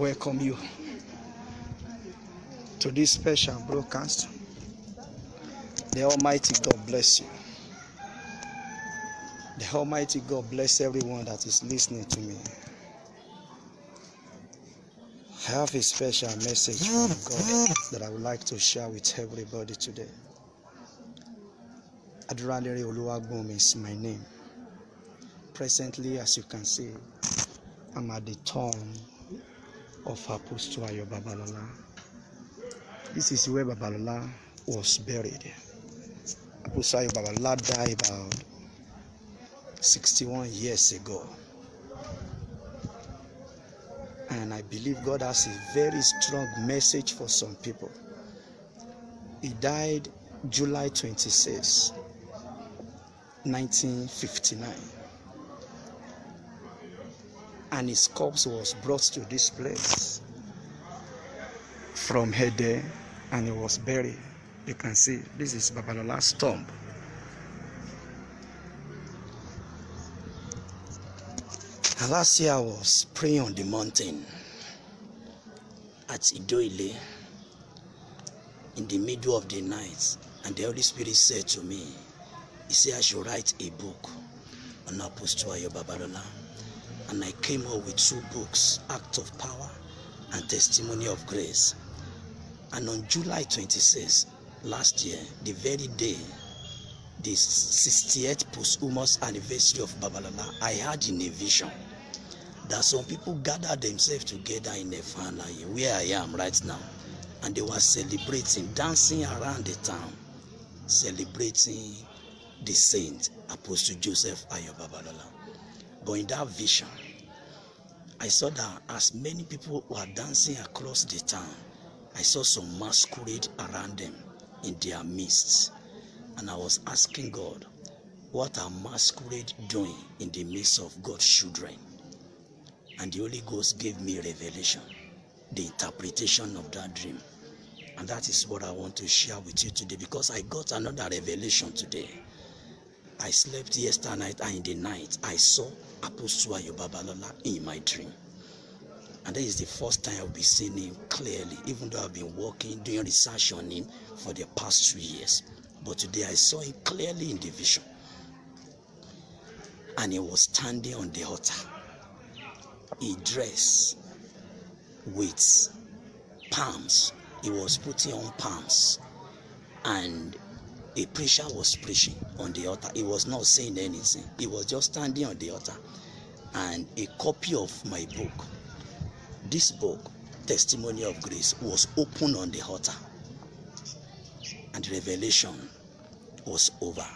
welcome you to this special broadcast. The Almighty God bless you. The Almighty God bless everyone that is listening to me. I have a special message from God that I would like to share with everybody today. Adraleri Oluwagbom is my name. Presently, as you can see, I'm at the tomb of Apostle Ayo Babalola. This is where Babalala was buried. Apostle Ayo died about 61 years ago. And I believe God has a very strong message for some people. He died July 26, 1959 and his corpse was brought to this place from Hede and he was buried. You can see this is Babalola's tomb. And last year I was praying on the mountain at Idoile in the middle of the night and the Holy Spirit said to me, he said I should write a book on Apostle Ayo Babalola and I came out with two books, Act of Power and Testimony of Grace. And on July 26 last year, the very day, the 68th posthumous anniversary of Babalala, I had in a vision that some people gathered themselves together in a Efanaye, where I am right now, and they were celebrating, dancing around the town, celebrating the saint, Apostle Joseph Ayo Babalola. But in that vision, I saw that as many people were dancing across the town, I saw some masquerade around them in their midst. And I was asking God, what are masquerade doing in the midst of God's children? And the Holy Ghost gave me revelation, the interpretation of that dream. And that is what I want to share with you today because I got another revelation today. I slept yesterday night and in the night I saw Apostle Yobabalola in my dream. And that is the first time I'll be seeing him clearly, even though I've been working, doing research on him for the past three years. But today I saw him clearly in the vision. And he was standing on the altar. He dressed with palms. He was putting on palms and a preacher was preaching on the altar. He was not saying anything. He was just standing on the altar. And a copy of my book, this book, Testimony of Grace, was open on the altar. And revelation was over.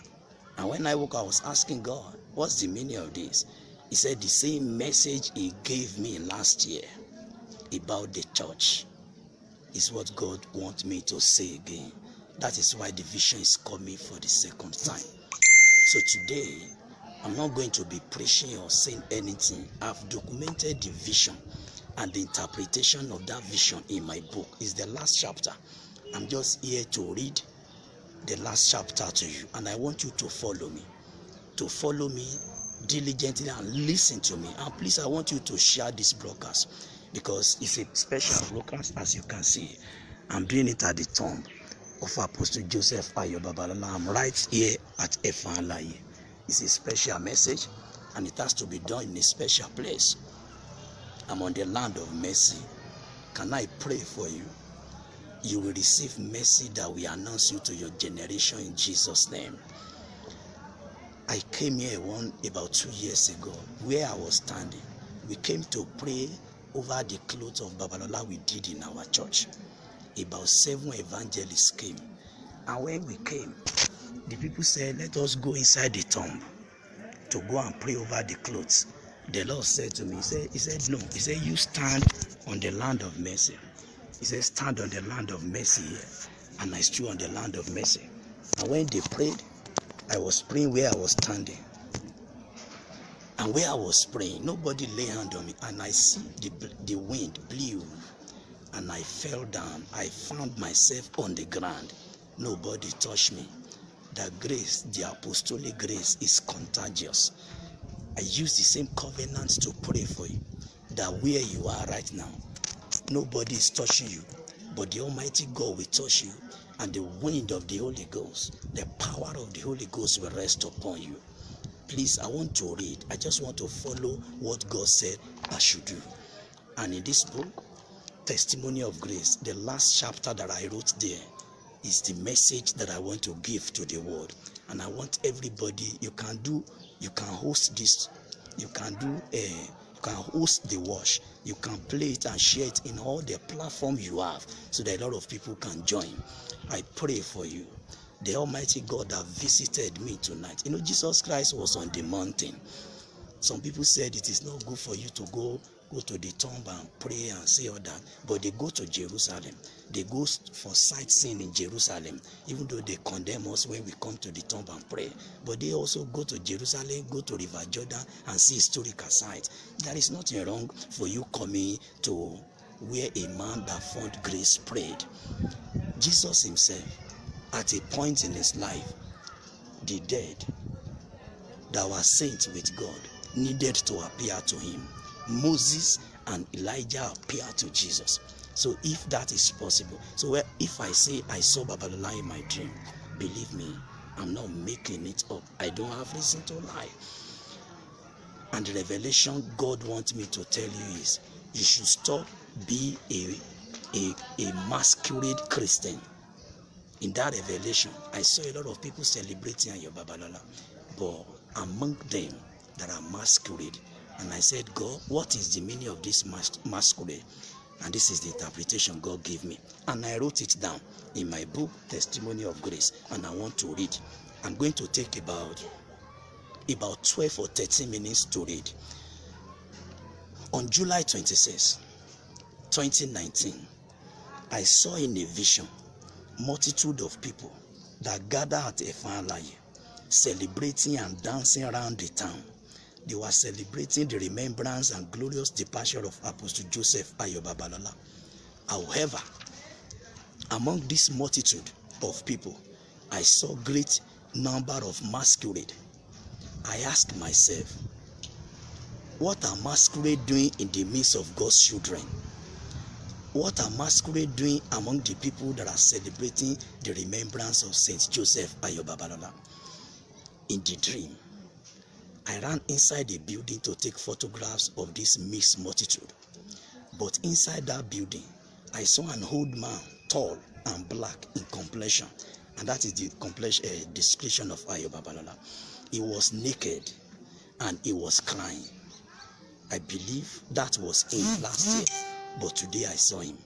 And when I woke, up, I was asking God, what's the meaning of this? He said the same message he gave me last year about the church is what God wants me to say again. That is why the vision is coming for the second time. So today, I'm not going to be preaching or saying anything. I've documented the vision and the interpretation of that vision in my book. It's the last chapter. I'm just here to read the last chapter to you. And I want you to follow me. To follow me diligently and listen to me. And please, I want you to share this broadcast because it's a special broadcast, as you can see. I'm doing it at the tomb of Apostle Joseph Ayo Babalala. I'm right here at Efanlaye. It's a special message and it has to be done in a special place. I'm on the land of mercy. Can I pray for you? You will receive mercy that will announce you to your generation in Jesus' name. I came here one about two years ago where I was standing. We came to pray over the clothes of Babalola we did in our church about seven evangelists came. And when we came, the people said, Let us go inside the tomb to go and pray over the clothes. The Lord said to me, He said, he said No. He said, You stand on the land of mercy. He said, Stand on the land of mercy here. And I stood on the land of mercy. And when they prayed, I was praying where I was standing. And where I was praying, nobody lay hand on me. And I see the, the wind blew and I fell down. I found myself on the ground. Nobody touched me. The grace, the apostolic grace, is contagious. I use the same covenant to pray for you that where you are right now, nobody is touching you, but the Almighty God will touch you, and the wind of the Holy Ghost, the power of the Holy Ghost will rest upon you. Please, I want to read. I just want to follow what God said I should do. And in this book, testimony of grace, the last chapter that I wrote there, is the message that I want to give to the world. And I want everybody, you can do, you can host this, you can do a, eh, you can host the wash, you can play it and share it in all the platform you have so that a lot of people can join. I pray for you. The Almighty God that visited me tonight. You know, Jesus Christ was on the mountain. Some people said it is not good for you to go go to the tomb and pray and say all that, but they go to Jerusalem. They go for sightseeing in Jerusalem, even though they condemn us when we come to the tomb and pray. But they also go to Jerusalem, go to River Jordan and see historical sites. There is nothing wrong for you coming to where a man that found grace prayed. Jesus himself, at a point in his life, the dead that were saints with God needed to appear to him Moses and Elijah appear to Jesus. So if that is possible, so if I say I saw Babalola in my dream, believe me, I'm not making it up. I don't have reason to lie. And the revelation God wants me to tell you is you should stop being a, a, a masquerade Christian. In that revelation, I saw a lot of people celebrating your Babalola, but among them, there are masquerade. And I said, God, what is the meaning of this mas- masquerade? And this is the interpretation God gave me. And I wrote it down in my book, Testimony of Grace. And I want to read. I'm going to take about about 12 or 13 minutes to read. On July 26, 2019, I saw in a vision multitude of people that gathered at Efanlaye, celebrating and dancing around the town they were celebrating the remembrance and glorious departure of Apostle Joseph Ayobabalola. However, among this multitude of people, I saw great number of masquerade. I asked myself, what are masquerade doing in the midst of God's children? What are masquerade doing among the people that are celebrating the remembrance of Saint Joseph Ayobabalola? In the dream, I ran inside the building to take photographs of this mixed multitude. But inside that building, I saw an old man, tall and black in complexion. And that is the complexion, uh, eh, description of Ayo Babalala. He was naked and he was crying. I believe that was him last year, but today I saw him.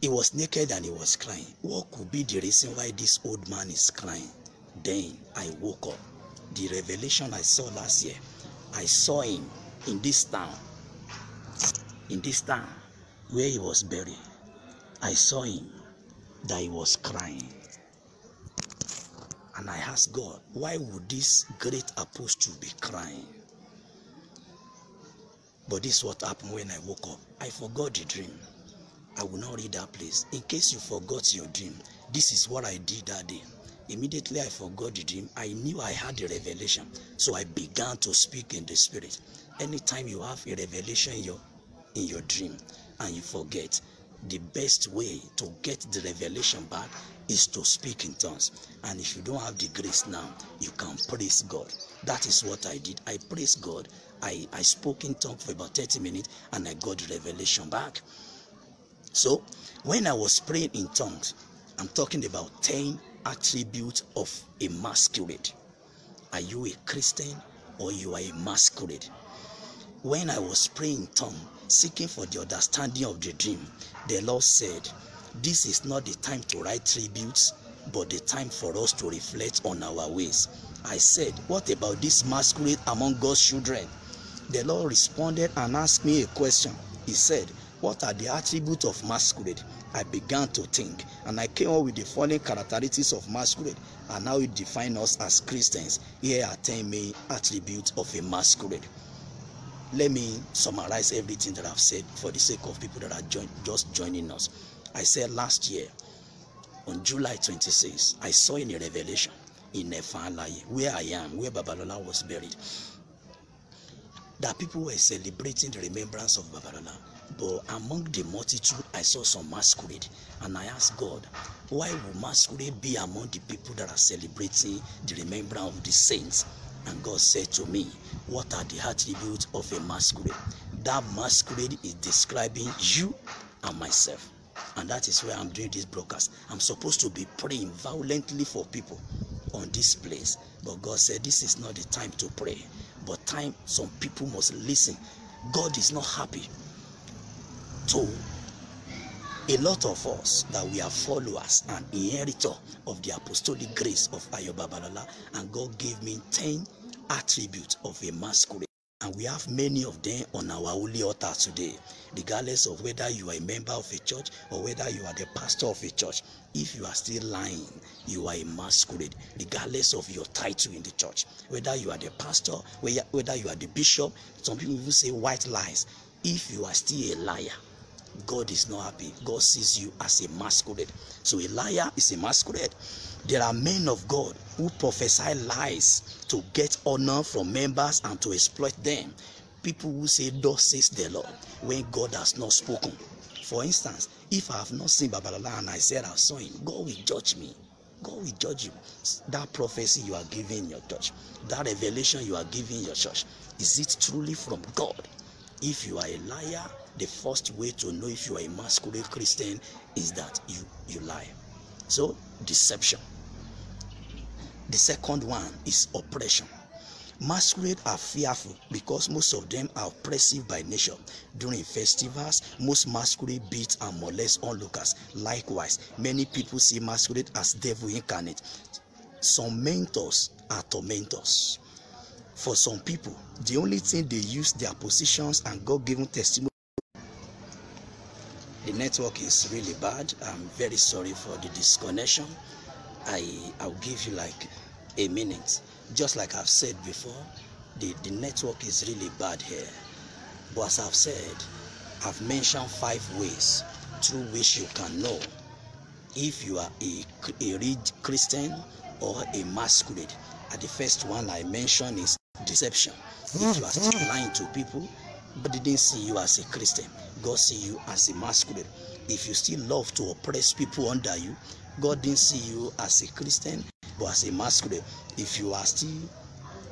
He was naked and he was crying. What could be the reason why this old man is crying? Then I woke up the revelation I saw last year. I saw him in this town, in this town where he was buried. I saw him that he was crying. And I asked God, why would this great apostle be crying? But this is what happened when I woke up. I forgot the dream. I will not read that place. In case you forgot your dream, this is what I did that day. Immediately I forgot the dream. I knew I had a revelation. So I began to speak in the spirit. Anytime you have a revelation in your, in your dream and you forget, the best way to get the revelation back is to speak in tongues. And if you don't have the grace now, you can praise God. That is what I did. I praised God. I, I spoke in tongues for about 30 minutes and I got the revelation back. So when I was praying in tongues, I'm talking about 10 attribute of a masquerade. Are you a Christian or you are a masquerade? When I was praying tongue, seeking for the understanding of the dream, the Lord said, This is not the time to write tributes, but the time for us to reflect on our ways. I said, What about this masquerade among God's children? The Lord responded and asked me a question. He said, What are the attributes of masquerade? I began to think and I came up with the following characteristics of masquerade and how it defines us as Christians. Here are 10 main attributes of a masquerade. Let me summarize everything that I've said for the sake of people that are join, just joining us. I said last year, on July 26, I saw in a revelation in Efalaye, where I am, where Babalola was buried, that people were celebrating the remembrance of Babalola but among the multitude, I saw some masquerade, and I asked God, why will masquerade be among the people that are celebrating the remembrance of the saints? And God said to me, What are the attributes of a masquerade? That masquerade is describing you and myself. And that is why I'm doing this broadcast. I'm supposed to be praying violently for people on this place. But God said, This is not the time to pray. But time, some people must listen. God is not happy to a lot of us that we are followers and inheritor of the apostolic grace of Ayo and God gave me 10 attributes of a masquerade. And we have many of them on our holy altar today. Regardless of whether you are a member of a church or whether you are the pastor of a church, if you are still lying, you are a masquerade, regardless of your title in the church. Whether you are the pastor, whether you are the bishop, some people even say white lies. If you are still a liar, God is not happy. God sees you as a masquerade. So a liar is a masquerade. There are men of God who prophesy lies to get honor from members and to exploit them. People who say, Thus says the Lord, when God has not spoken. For instance, if I have not seen Babalala and I said I saw him, God will judge me. God will judge you. That prophecy you are giving your church, that revelation you are giving your church, is it truly from God? If you are a liar, the first way to know if you are a masquerade Christian is that you, you lie. So, deception. The second one is oppression. Masquerade are fearful because most of them are oppressive by nature. During festivals, most masquerade beat and molest onlookers. Likewise, many people see masquerade as devil incarnate. Some mentors are tormentors. For some people, the only thing they use their positions and God-given testimony the network is really bad. I'm very sorry for the disconnection. I, I'll give you like a minute. Just like I've said before, the, the network is really bad here. But as I've said, I've mentioned five ways through which you can know if you are a, a real Christian or a masquerade. And the first one I mentioned is deception. If you are still lying to people, but didn't see you as a Christian. God see you as a masquerade. If you still love to oppress people under you, God didn't see you as a Christian, but as a masquerade. If you are still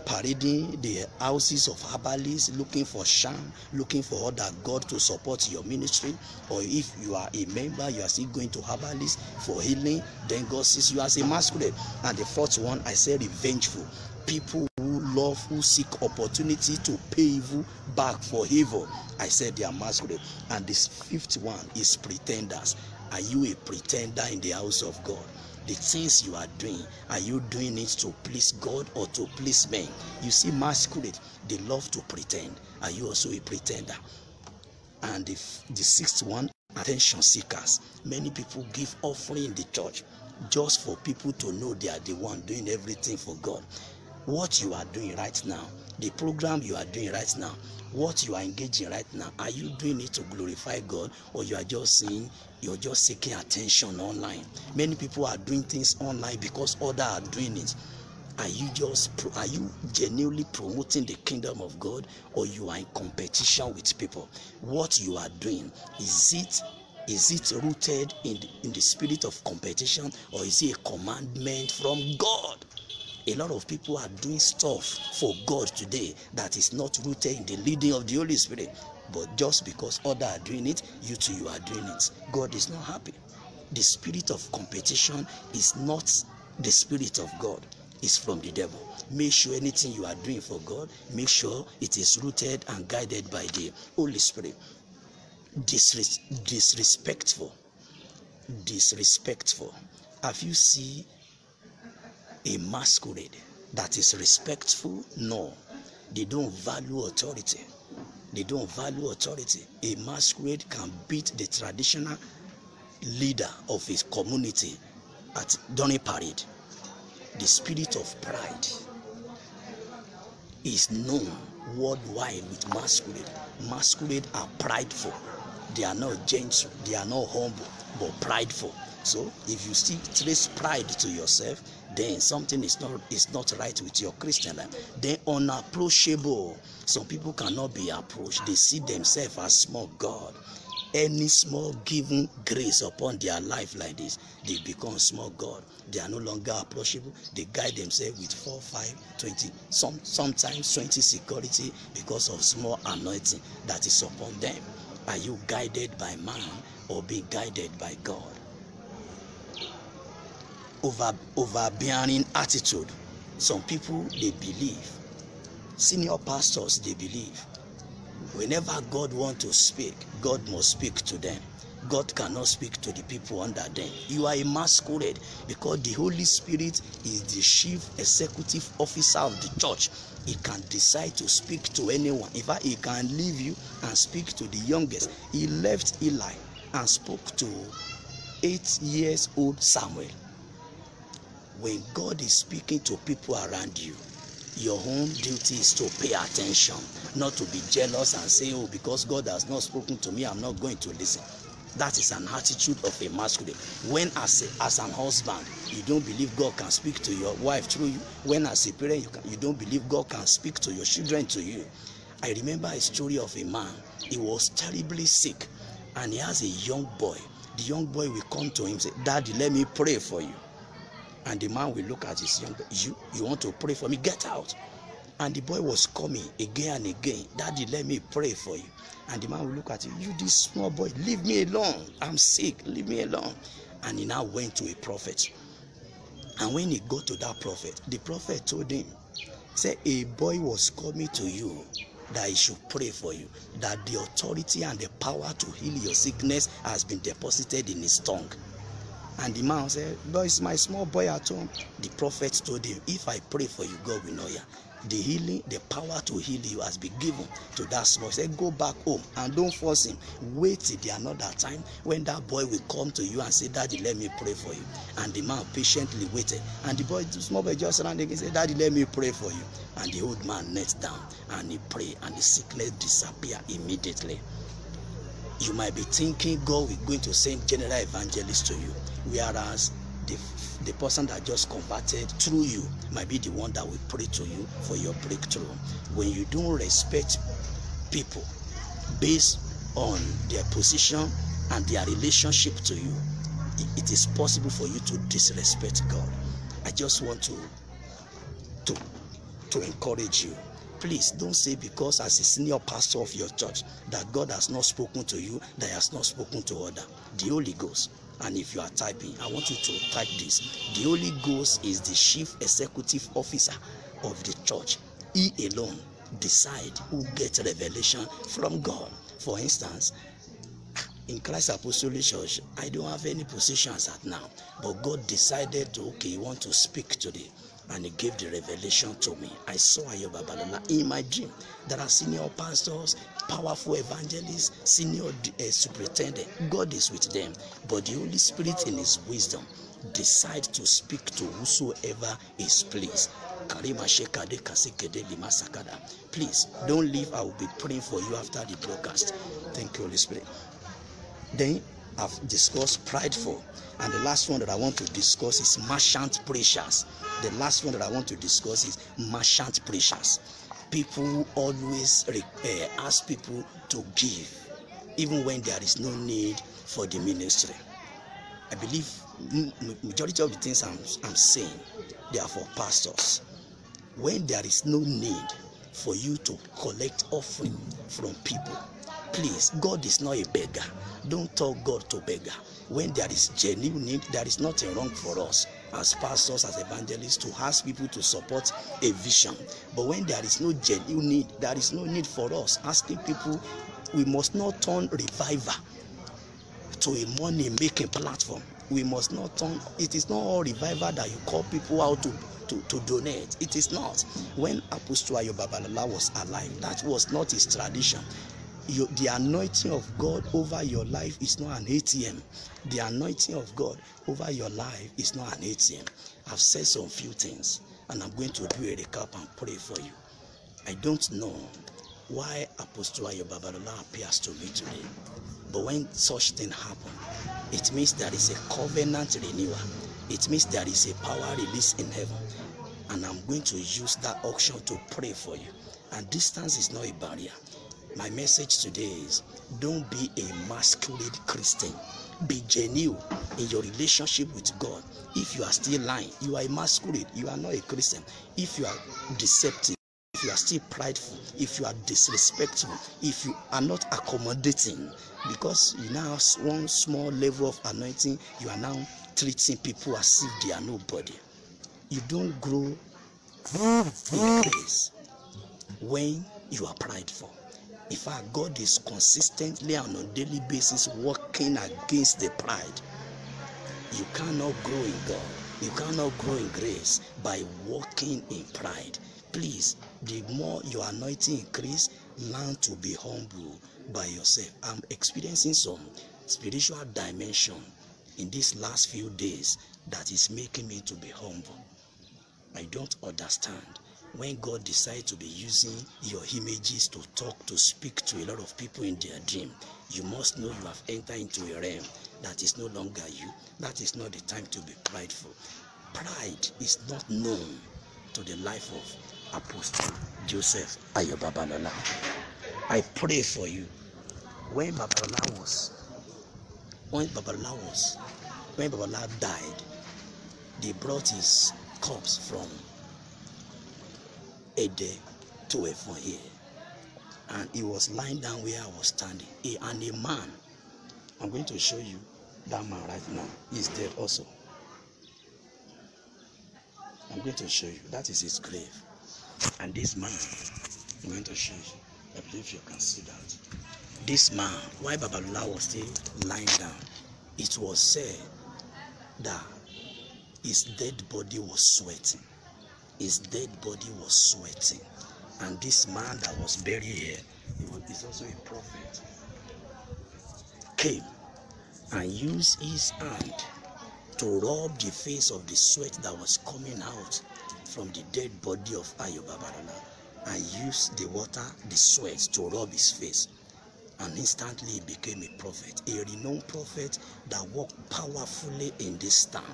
parading the houses of herbalists, looking for sham, looking for other God to support your ministry, or if you are a member, you are still going to herbalists for healing, then God sees you as a masquerade. And the fourth one, I say revengeful. People love who seek opportunity to pay evil back for evil. I said they are masquerade. And this fifth one is pretenders. Are you a pretender in the house of God? the things you are doing are you doing it to please god or to please men you see masquerade they love to pretend are you also a pretender and the, the sixth one attention seekers many people give offering in the church just for people to know they are the one doing everything for god what you are doing right now, the program you are doing right now, what you are engaging right now. Are you doing it to glorify God or you are just seeing, you're just seeking attention online? Many people are doing things online because others are doing it. Are you just are you genuinely promoting the kingdom of God or you are in competition with people? What you are doing is it is it rooted in the, in the spirit of competition or is it a commandment from God? A lot of people are doing stuff for God today that is not rooted in the leading of the Holy Spirit. But just because others are doing it, you too you are doing it. God is not happy. The spirit of competition is not the spirit of God. It's from the devil. Make sure anything you are doing for God, make sure it is rooted and guided by the Holy Spirit. Disres- disrespectful disrespectful. Have you seen a masquerade that is respectful? No. They don't value authority. They don't value authority. A masquerade can beat the traditional leader of his community at Donny Parade. The spirit of pride is known worldwide with masquerade. Masquerade are prideful. They are not gentle, they are not humble, but prideful. So if you see trace pride to yourself, then something is not is not right with your Christian life. They're unapproachable. Some people cannot be approached. They see themselves as small God. Any small given grace upon their life like this, they become small God. They are no longer approachable. They guide themselves with 4, 5, 20, some, sometimes 20 security because of small anointing that is upon them. Are you guided by man or be guided by God? over overbearing attitude some people they believe senior pastors they believe whenever god want to speak god must speak to them god cannot speak to the people under them you are a masquerade because the holy spirit is the chief executive officer of the church he can decide to speak to anyone in fact he can leave you and speak to the youngest he left eli and spoke to eight years old samuel when God is speaking to people around you, your own duty is to pay attention, not to be jealous and say, oh, because God has not spoken to me, I'm not going to listen. That is an attitude of a masculine. When as, a, as an husband, you don't believe God can speak to your wife through you. When as a parent, you, can, you don't believe God can speak to your children to you. I remember a story of a man. He was terribly sick and he has a young boy. The young boy will come to him and say, Daddy, let me pray for you. And the man will look at his young you you want to pray for me? Get out. And the boy was coming again and again. Daddy, let me pray for you. And the man will look at you. You this small boy, leave me alone. I'm sick. Leave me alone. And he now went to a prophet. And when he got to that prophet, the prophet told him, Say, a boy was coming to you that he should pray for you, that the authority and the power to heal your sickness has been deposited in his tongue. And the man said, But it's my small boy at home. The prophet told him, If I pray for you, God will know you. The healing, the power to heal you has been given to that small. He said, Go back home and don't force him. Wait till the another time when that boy will come to you and say, Daddy, let me pray for you. And the man patiently waited. And the boy, the small boy just ran again and said, Daddy, let me pray for you. And the old man knelt down and he prayed, and the sickness disappeared immediately you might be thinking God is going to send general evangelists to you, whereas the, the person that just converted through you might be the one that will pray to you for your breakthrough. When you don't respect people based on their position and their relationship to you, it is possible for you to disrespect God. I just want to to to encourage you Please don't say because as a senior pastor of your church that God has not spoken to you, that has not spoken to other. The Holy Ghost. And if you are typing, I want you to type this. The Holy Ghost is the chief executive officer of the church. He alone decide who gets revelation from God. For instance, in Christ Apostolic Church, I don't have any positions at now, but God decided to okay, you want to speak to the and he gave the revelation to me. I saw Ayoba Balola in my dream. There are senior pastors, powerful evangelists, senior uh, superintendent. God is with them, but the Holy Spirit in his wisdom decide to speak to whosoever is pleased. Please don't leave. I will be praying for you after the broadcast. Thank you, Holy Spirit. Then I've discussed prideful. And the last one that I want to discuss is merchant pressures. The last one that I want to discuss is merchant pressures. People always uh, ask people to give, even when there is no need for the ministry. I believe majority of the things I'm, I'm saying, they are for pastors. When there is no need for you to collect offering from people, Please, God is not a beggar. Don't talk God to beggar. When there is genuine need, there is nothing wrong for us as pastors, as evangelists, to ask people to support a vision. But when there is no genuine need, there is no need for us asking people. We must not turn revival to a money-making platform. We must not turn. It is not all revival that you call people out to to, to donate. It is not. When Apostle Ayo Babalala was alive, that was not his tradition you, the anointing of God over your life is not an ATM. The anointing of God over your life is not an ATM. I've said some few things and I'm going to do a recap and pray for you. I don't know why Apostle Ayo appears to me today, but when such thing happen, it means there is a covenant renewal. It means there is a power release in heaven. And I'm going to use that auction to pray for you. And distance is not a barrier. My message today is don't be a masculine Christian. Be genuine in your relationship with God. If you are still lying, you are a You are not a Christian. If you are deceptive, if you are still prideful, if you are disrespectful, if you are not accommodating, because you now have one small level of anointing, you are now treating people as if they are nobody. You don't grow in grace when you are prideful. In fact, God is consistently and on a daily basis working against the pride. You cannot grow in God. You cannot grow in grace by walking in pride. Please, the more your anointing increase, learn to be humble by yourself. I'm experiencing some spiritual dimension in these last few days that is making me to be humble. I don't understand when God decides to be using your images to talk, to speak to a lot of people in their dream, you must know you have entered into a realm that is no longer you. That is not the time to be prideful. Pride is not known to the life of Apostle Joseph Ayobabalola. I pray for you. When Babalola was, when Babalola was, when Babalola died, they brought his corpse from a two, to four here. And he was lying down where I was standing. He, and a man, I'm going to show you that man right now. He's dead also. I'm going to show you. That is his grave. And this man, I'm going to show you. I believe you can see that. This man, why Babalula was still lying down, it was said that his dead body was sweating his dead body was sweating. And this man that was buried here, he was also a prophet, came and used his hand to rub the face of the sweat that was coming out from the dead body of Ayobabarana and used the water, the sweat, to rub his face. And instantly he became a prophet, a renowned prophet that worked powerfully in this town.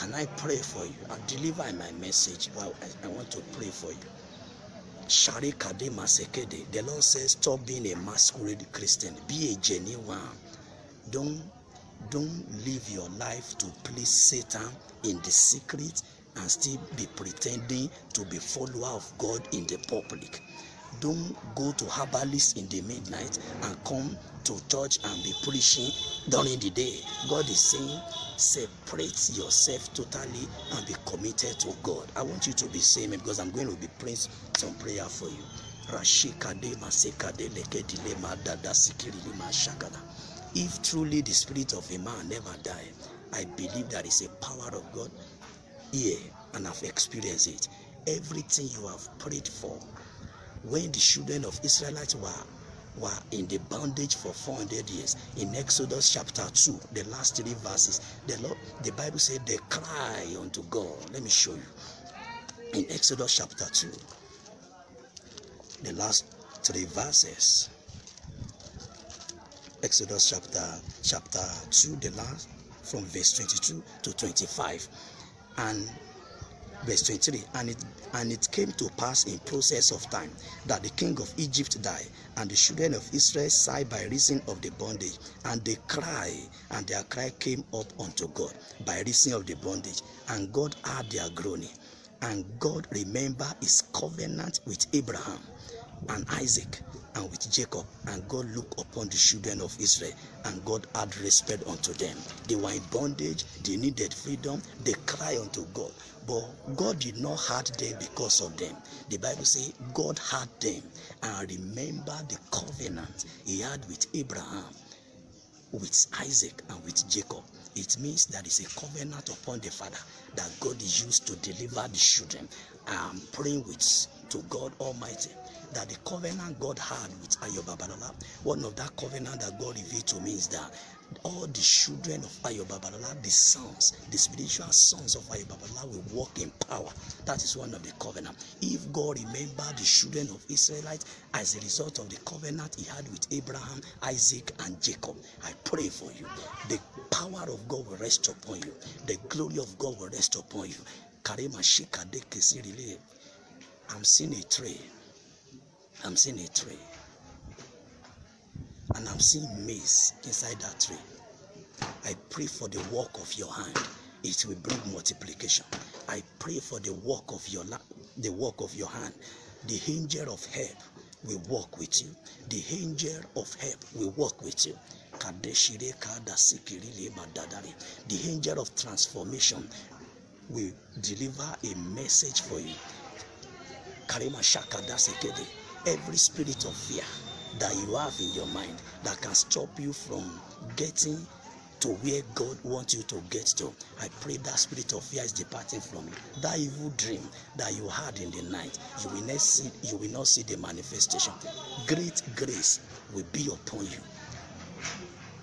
Can I pray for you? I'll uh, deliver my message. Well, I, I want to pray for you. Shari Kade Masekede. The Lord says, stop being a masquerade Christian. Be a genuine. Don't don't live your life to please Satan in the secret and still be pretending to be follower of God in the public. Don't go to herbalists in the midnight and come to touch and be preaching during the day. God is saying, separate yourself totally and be committed to God. I want you to be saying because I'm going to be praying some prayer for you. If truly the spirit of a man never died, I believe there is a power of God here and I've experienced it. Everything you have prayed for, when the children of Israelites were were in the bondage for 400 years. In Exodus chapter 2, the last three verses, the Lord, the Bible said they cry unto God. Let me show you. In Exodus chapter 2, the last three verses. Exodus chapter chapter 2, the last from verse 22 to 25. And verse 23 and it and it came to pass in process of time that the king of egypt died and the children of israel sighed by reason of the bondage and they cry and their cry came up unto god by reason of the bondage and god heard their groaning and god remembered his covenant with abraham and isaac and with jacob and god looked upon the children of israel and god had respect unto them they were in bondage they needed freedom they cried unto god but God did not hurt them because of them. The Bible says God hurt them and remember the covenant he had with Abraham, with Isaac, and with Jacob. It means there is a covenant upon the Father that God is used to deliver the children. I am praying with to God Almighty that the covenant God had with Ayobabalala, one of that covenant that God revealed to me is that all the children of Ayobabala, the sons, the spiritual sons of Ayobabala will walk in power. That is one of the covenant. If God remembered the children of Israelites as a result of the covenant he had with Abraham, Isaac, and Jacob, I pray for you. The power of God will rest upon you. The glory of God will rest upon you. Karema I'm seeing a tree. I'm seeing a tree and i am seeing maize inside that tree. I pray for the work of your hand. It will bring multiplication. I pray for the work of your the work of your hand. The angel of help will work with you. The angel of help will work with you. The angel of transformation will deliver a message for you. Every spirit of fear that you have in your mind that can stop you from getting to where God wants you to get to. I pray that spirit of fear is departing from you. That evil dream that you had in the night, you will not see, you will not see the manifestation. Great grace will be upon you.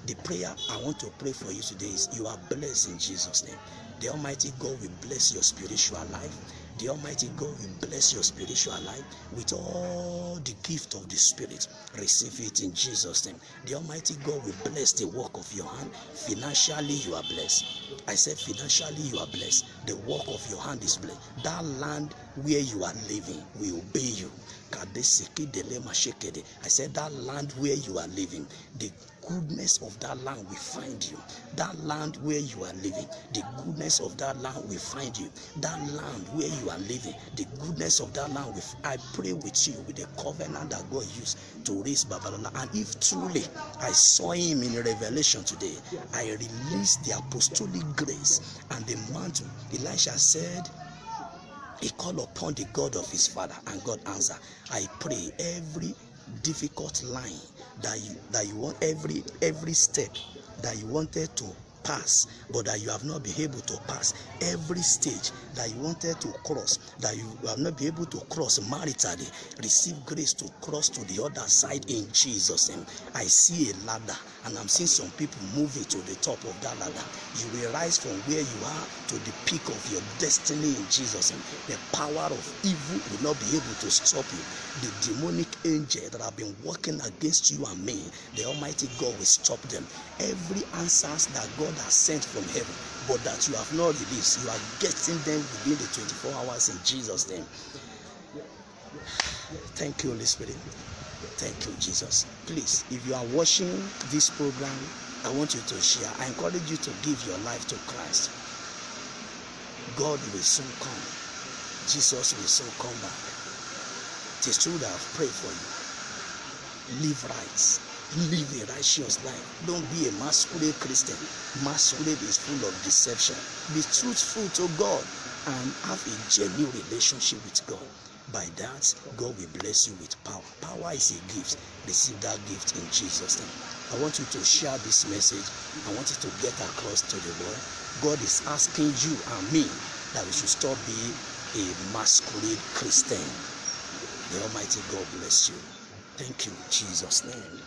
The prayer I want to pray for you today is you are blessed in Jesus' name. The Almighty God will bless your spiritual life the Almighty God will bless your spiritual life with all the gift of the Spirit. Receive it in Jesus' name. The Almighty God will bless the work of your hand. Financially, you are blessed. I said, financially, you are blessed. The work of your hand is blessed. That land where you are living will obey you. I said, That land where you are living, the goodness of that land will find you. That land where you are living, the goodness of that land will find you. That land where you are living, the goodness of that land will. I pray with you with the covenant that God used to raise Babylon. And if truly I saw him in Revelation today, I release the apostolic grace and the mantle. Elisha said, he called upon the God of his father, and God answered. I pray every difficult line that you that you want every every step that you wanted to pass, but that you have not been able to pass every stage that you wanted to cross, that you have not been able to cross maritally. Receive grace to cross to the other side in Jesus' name. I see a ladder, and I'm seeing some people moving to the top of that ladder. You will rise from where you are to the peak of your destiny in Jesus' name. The power of evil will not be able to stop you. The demonic angel that have been working against you and me, the Almighty God will stop them. Every answers that God are sent from heaven, but that you have not released. You are getting them within the 24 hours in Jesus' name. Thank you, Holy Spirit. Thank you, Jesus. Please, if you are watching this program, I want you to share. I encourage you to give your life to Christ. God will soon come. Jesus will soon come back. It is true that I've prayed for you. Live right Live a righteous life. Don't be a masculine Christian. Masculine is full of deception. Be truthful to God and have a genuine relationship with God. By that, God will bless you with power. Power is a gift. Receive that gift in Jesus' name. I want you to share this message. I want you to get across to the world. God is asking you and me that we should stop being a masquerade Christian. The Almighty God bless you. Thank you, Jesus' name.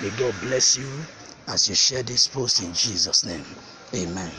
May God bless you as you share this post in Jesus' name. Amen.